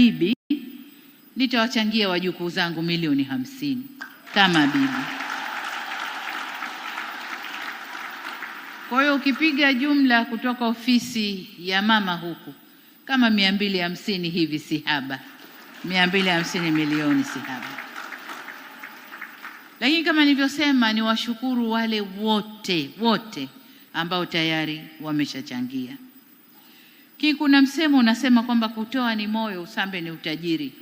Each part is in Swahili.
bibi, nitawachangia wajukuu zangu milioni hamsini kama bibi. Kwa hiyo ukipiga jumla kutoka ofisi ya mama huku kama mia mbili hamsini hivi, si haba, mia mbili hamsini milioni si haba. Lakini kama nilivyosema, ni washukuru wale wote wote ambao tayari wameshachangia. Lakini kuna msemo unasema kwamba kutoa ni moyo, usambe ni utajiri.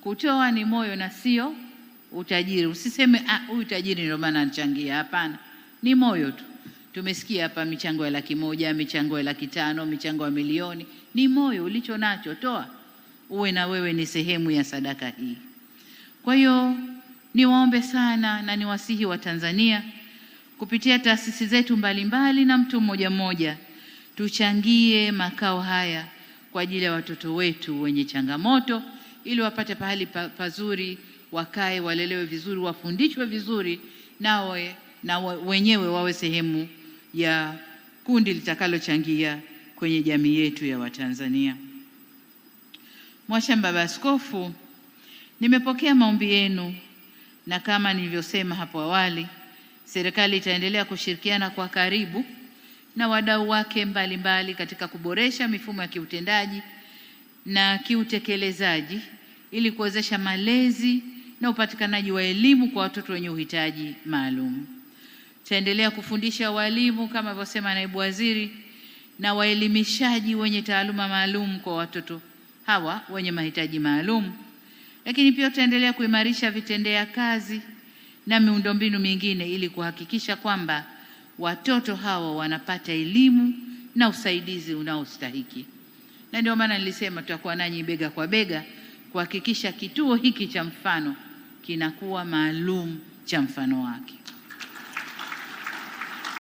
Kutoa ni moyo na sio utajiri. Usiseme ah, huyu tajiri ndio maana anachangia. Hapana, ni moyo tu. Tumesikia hapa michango ya laki moja, michango ya laki tano, michango ya milioni. Ni moyo ulicho nacho, toa, uwe na wewe ni sehemu ya sadaka hii. Kwa hiyo niwaombe sana na niwasihi wa Tanzania kupitia taasisi zetu mbalimbali na mtu mmoja mmoja tuchangie makao haya kwa ajili ya watoto wetu wenye changamoto, ili wapate pahali pazuri, wakae, walelewe vizuri, wafundishwe vizuri, nawe na wenyewe wawe sehemu ya kundi litakalochangia kwenye jamii yetu ya Watanzania. Mwashamba, Baba Askofu, nimepokea maombi yenu na kama nilivyosema hapo awali, serikali itaendelea kushirikiana kwa karibu na wadau wake mbalimbali mbali katika kuboresha mifumo ya kiutendaji na kiutekelezaji ili kuwezesha malezi na upatikanaji wa elimu kwa watoto wenye uhitaji maalum. Tutaendelea kufundisha walimu kama alivyosema naibu waziri na waelimishaji wenye taaluma maalum kwa watoto hawa wenye mahitaji maalum, lakini pia tutaendelea kuimarisha vitendea kazi na miundombinu mingine ili kuhakikisha kwamba watoto hawa wanapata elimu na usaidizi unaostahiki. Na ndio maana nilisema tutakuwa nanyi bega kwa bega kuhakikisha kituo hiki cha mfano kinakuwa maalum cha mfano wake.